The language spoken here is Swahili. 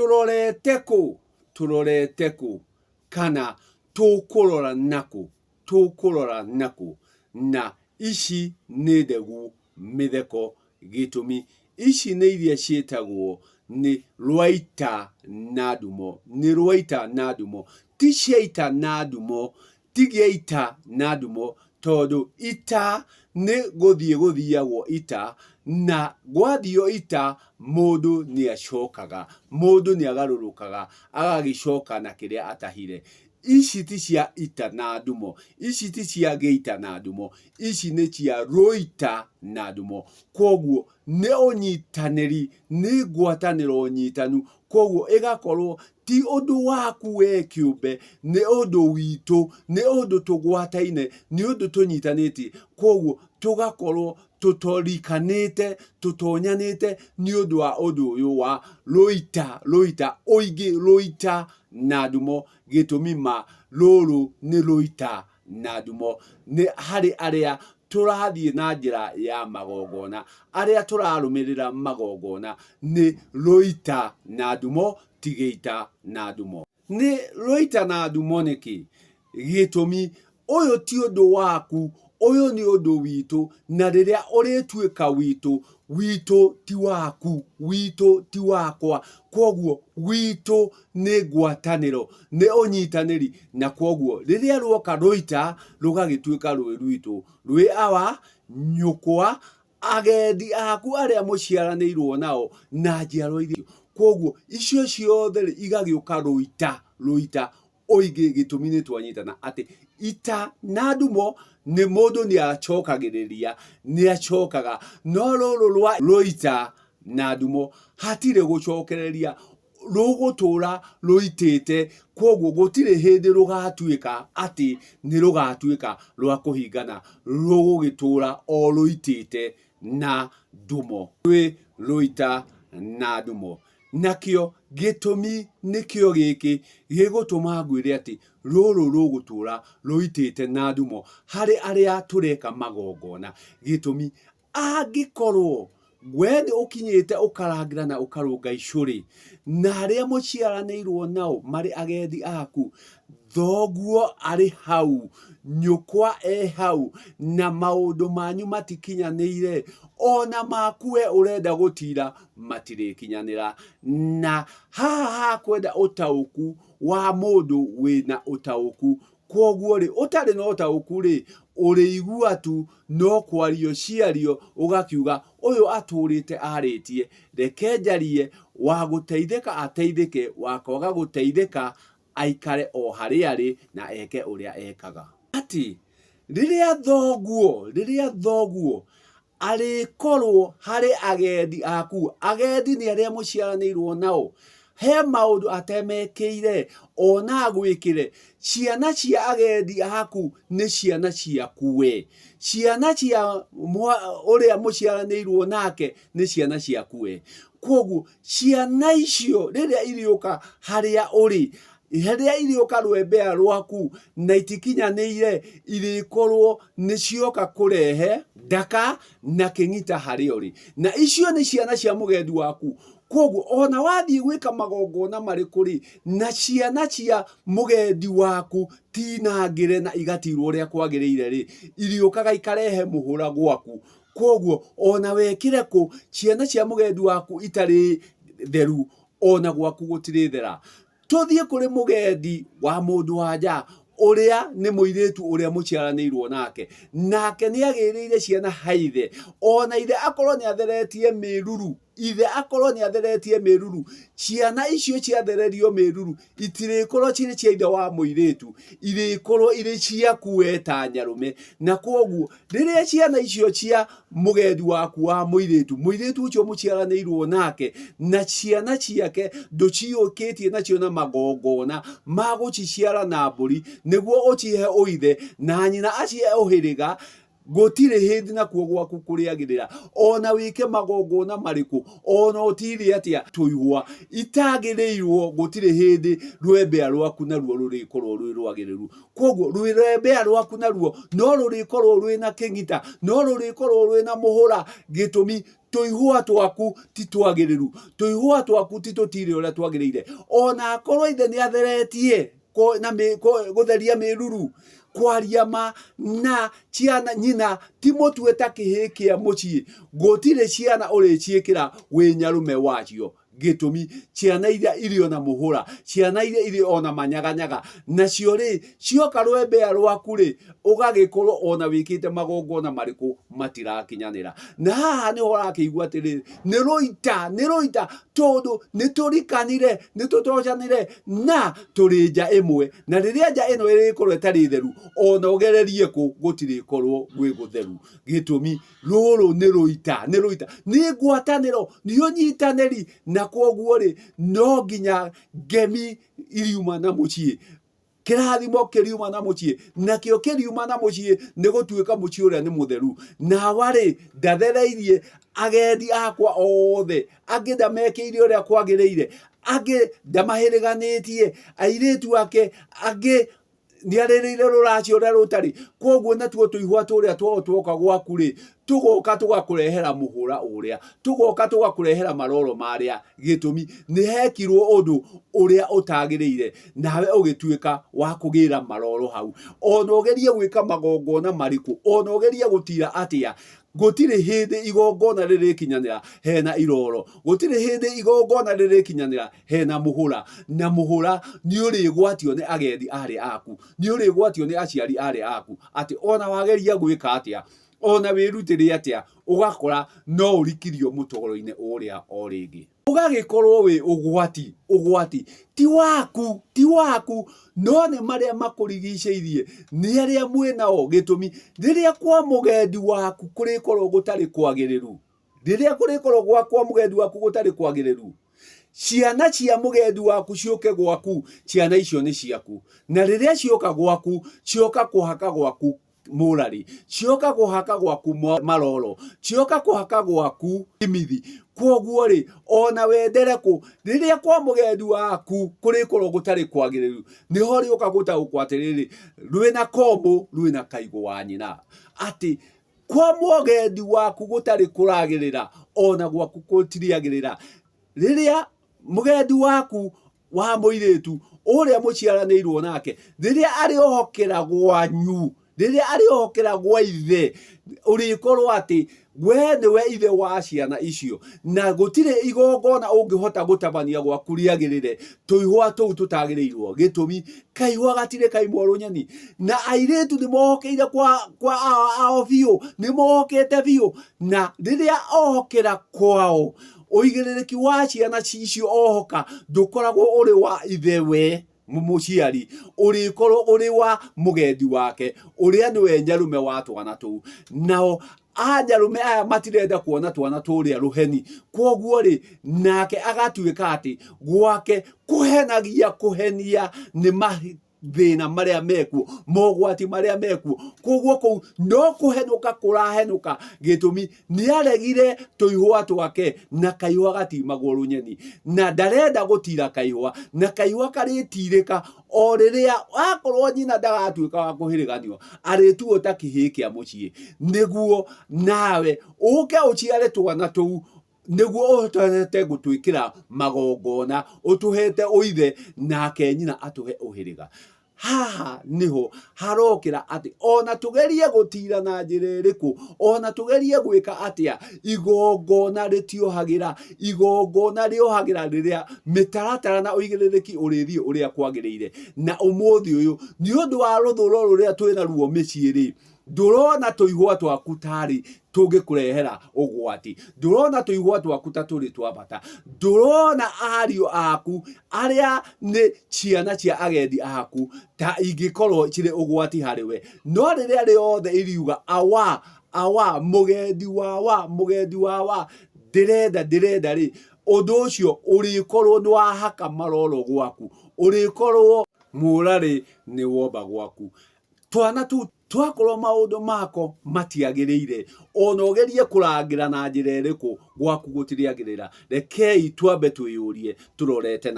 tuloleeteku tuloleeteku kana tukulora naku tukulora naku na ici nä ndegu mä theko gä tå mi ici nä iria ciätagwo nä rwaita na ndumo nä rwaita na ndumo ti ciaita na ndumo tigia na ndumo tondå ita nä gå thiä gå thiagwo ita na gwathio ita ndå ni acokaga rå ni agagä coka na a atahire ici ti cia ita na ndumo ici ti cia geita na ndumo ici nä cia ita na ndumo koguo nĩ ũnyitanĩri nĩ ngwatanĩro nyitanu koguo ĩgakorwo ti ndå waku nä å ndå tå gwataine nä å ndå tå nyitanä tũnyitanĩtie koguo gakorwo tutorikanite tutonyanite ni undu wa undu uyu wa ruita ruita uingi ruita na ndumo gitumima ruru ni ruita na ndumo ni hari aria turathie na njira ya magongona aria turarumirira magongona ni ruita na ndumo tigeita na ndumo ni ruita na ndumo niki gitumi uyu ti undu waku uyu ni undu witu na riria urituika witu witu ti waku witu ti wakwa koguo witu ni ngwataniro ni unyitaniri na koguo riria ruoka ruita rugagituika rwi rwitu rwi awa nyukwa agendi aku aria muciaranirwo nao na njiarwa iria koguo icio ciothe igagiuka ruita ruita oige gĩtũmi nĩ twanyitana atĩ ita na ndumo nĩ mũndũ nĩ acokagĩrĩria nĩ acokaga no rũrũ rwa rũita na ndumo hatirĩ gũcokereria rũgũtũra rũitĩte kwoguo gũtirĩ hĩndĩ rũgatuĩka atĩ nĩ rũgatuĩka rwa kũhingana rũgũgĩtũra o rũitĩte na ndumo rwĩ rũita na ndumo nakĩo gĩtũmi nĩkĩo gĩkĩ gĩgũtũma ngwĩre atĩ rũrũ rũgũtũra rũitĩte na ndumo harĩ arĩa tũreka magongona gĩtũmi angĩkorwo we nĩ ũkinyĩte ũkarangĩra na ũkarũnga icũrĩ na arĩa mũciaranĩirwo nao marĩ agethi aku thoguo arĩ hau nyũkwa e hau na maũndũ manyu matikinyanĩire ona makue ũrenda gũtira matirĩkinyanĩra na haha kwenda ũtaũku wa mũndũ wĩna ũtaũku kwoguo rĩ ũtarĩ na ũtaũku rĩ ũrĩigua tu no kwario ciario ũgakiuga ũyũ atũrĩte arĩtie reke njarie wa gũteithĩka ateithĩke wa kwaga gũteithĩka aikare o harä arä na eke uria ekaga ati a thoguo a thoguo korwo harä agendi aku agendi nĩ arĩa mũciaranĩirwo nao he atemekä ire ona re ciana cia agendi aku nä ciana ciaku we ciana cia ciaranä irwo nake nä ciana ciakuwe koguo ciana icio harä a å rä heria irioka rwembea rwaku na itikinyanĩire irĩkorwo nĩcioka kũrehe ndaka na kĩng'ita harĩ na icio nä ciana cia mũgendi waku koguo ona gwä ka magongona kå rä na ciana cia gendi waku tinangĩre na igatirwo ire rä rĩ kaga ikarehe ra gwaku koguo ona wekĩre kũ ciana cia mũgendi waku itarä theru ona gwaku tirä thera tuthie kuri mugendi wa mundu wanja uria ni muiretu uria muciaranirwo nake nake ni agiriire ciana haithe ona ithe akorwo ni atheretie miruru ithe akorwo nä atheretie mä ruru ciana icio ciathererio mä ruru itirä korwo cirä cia ithe wa må irä tu irä korwo irä ciaku we ta nyarå me na koguo rä rä a ciana icio cia må gendi waku wa må irä tu må irä tu å cio må ciaranä irwo nake na ciana ciake ndå ciå kä tie nacio na magongona magå ciciara na mbå ri nä guo å cihe å ithe na nyina acihe å hä rä ga gutire hindi nakuo gwaku kuriagirira ona wike magongona mariku ona utire atia tuigwa itagirirwo gutire hindi rwembea rwaku naruo rurikorwo rwi rwagiriru koguo rwembea rwaku naruo no rurikorwo na kingita no rurikorwo na muhura gitumi tuihua twaku ti twagiriru tuihua twaku ti tutire uria twagirire ona akorwo ithe ni atheretie na gutheria miruru kwaria ma na ciana nyina ti mũtue ta må ciä mũciĩ tirä ciana wä nyarå me wacio gitumi ciana iria iri ona muhura ciana iria iri ona manyaganyaga nacio rĩ cioka rwembea rwaku rĩ ũgagĩkorwo ona wĩkĩte magongona marĩkũ matirakinyanĩra na haha nĩho ũrakĩigua atĩrĩrĩ nĩ rũita nĩ rũita tondũ nĩ tũrikanire nĩ tũtocanire na tũrĩ nja ĩmwe na rĩrĩa nja ĩno ĩrĩkorwo ĩtarĩ theru ona ũgererie kũ gũtirĩkorwo gwĩ gũtheru gĩtũmi rũrũ nĩ rũita nĩ rũita nĩ ngwatanĩro nĩ ũnyitanĩri na na koguo rĩ no nginya ngemi iriuma na mũciĩ kĩrathimo kĩriuma na mũciĩ nakĩo kĩriuma na mũciĩ nĩ gũtuĩka mũciĩ ũrĩa nĩ mũtheru nawa-rĩ ndathereirie agendi akwa othe angĩ ndamekĩire ũrĩa kwagĩrĩire angĩ ndamahĩrĩganĩtie airĩtu ake angĩ niarereire ruracio uria rutari koguo natuo tuihwa turia twao twoka gwaku ri tugoka tugakurehera muhura uria tugoka tugakurehera maroro maria gitumi ni hekirwo undu uria utagirire nawe ugituika wa kugira maroro hau ona ugerie gwika magongona mariku ona ugerie gutira atia gutire hindi igongona ririkinyanira hena iroro gutire hindi igongona ririkinyanira hena muhura na muhura ni gwatio ni agethi ari aku ni gwatio ni aciari ari aku ati ona wageria gwika atia ona wirutire atia ugakora no urikirio mũtũgoro uria oringi o rĩngĩ ugwati ugwati ti waku ti waku no nĩ marĩa makũrigicĩirie nĩ arĩa mwĩnao gitumi rĩrĩa kwa mũgendi waku kũrĩkorwo gutari kwagiriru rĩrĩa kũrĩkorwo gwa kwa mũgendi waku gutari kwagiriru ciana cia mũgendi waku ciũke gwaku ciana icio ni ciaku na rĩrĩa cioka gwaku cioka kuhaka gwaku murari cioka kuhaka gwaku maroro cioka kuhaka gwaku imithi koguo ri ona wendere ku riria kwa mugendi waku kuri koro gutari kwagiriru ni hori uka gutaukwa atiriri rwina kombo na kaigo wa nyina ati kwa mugendi waku gutari kuragirira ona gwaku gutiriagirira riria mugendi waku wa muiritu uria muciaranirwo nake riria ari ohokera gwanyu riria ariokera gwa ithe urikorwo ati we we ithe wa ciana icio na gutire igongona ungihota gutabania gwaku riagirire tuihwa tuu tutagiriirwo gitumi kaihwa gatire kaimwarwo nyeni na airetu ni mohokeire kwa kwa ao vio ni mohokete vio na riria ohokera kwao ki wa ciana cicio ohoka ndukoragwo uri wa ithe we muciari urikorwo uri wa mugethi wake uri andu nyarume wa twana tuu nao anjarume aya matirenda kuona twana turia ruheni koguo ri nake agatuika ati gwake kuhenagia kuhenia ni thina maria mekuo mogwati maria mekuo koguo kou no kuhenuka kurahenuka gitumi aregire tuihwa twake na kaihwa gatimagwo nyeni na ndarenda gutira kaihwa na kaihwa karitireka o riria akorwo nyina ndagatuika wa kuhiriganio arituo ta kihii kia niguo nawe uke uciare twana tou niguo utuhete gutwikira magongona utuhete uithe nake nyina atuhe uhiriga haha niho harokira ati ona tugerie gutira na njira ona tugerie gwika atia igongona ritiohagira igongona riohagira riria mitaratara na uigiririki urithii uria kwagireire na umuthi uyu ni undu wa ruthuro ruria twina ruo miciiri ndurona tuihwa twaku tari tungĩkũrehera ũgwati ndũrona tũihwa twaku ta tũrĩ twa bata ndũrona ariũ aku arĩa nĩ ciana cia agendi aku ta ingĩkorwo cirĩ ũgwati harĩ we no rĩrĩa rĩothe iriuga awa awa mũgendi wa wa mũgendi wa wa ndĩrenda ndĩrenda rĩ ũndũ ũcio ũrĩkorwo nĩ wahaka maroro gwaku ũrĩkorwo mũrarĩ nĩ womba gwaku twana tu twakorwo maundu mako matiagirire ona ugerie kurangira na njira iriku gwaku gutiriagirira rekei twambe twiyurie turorete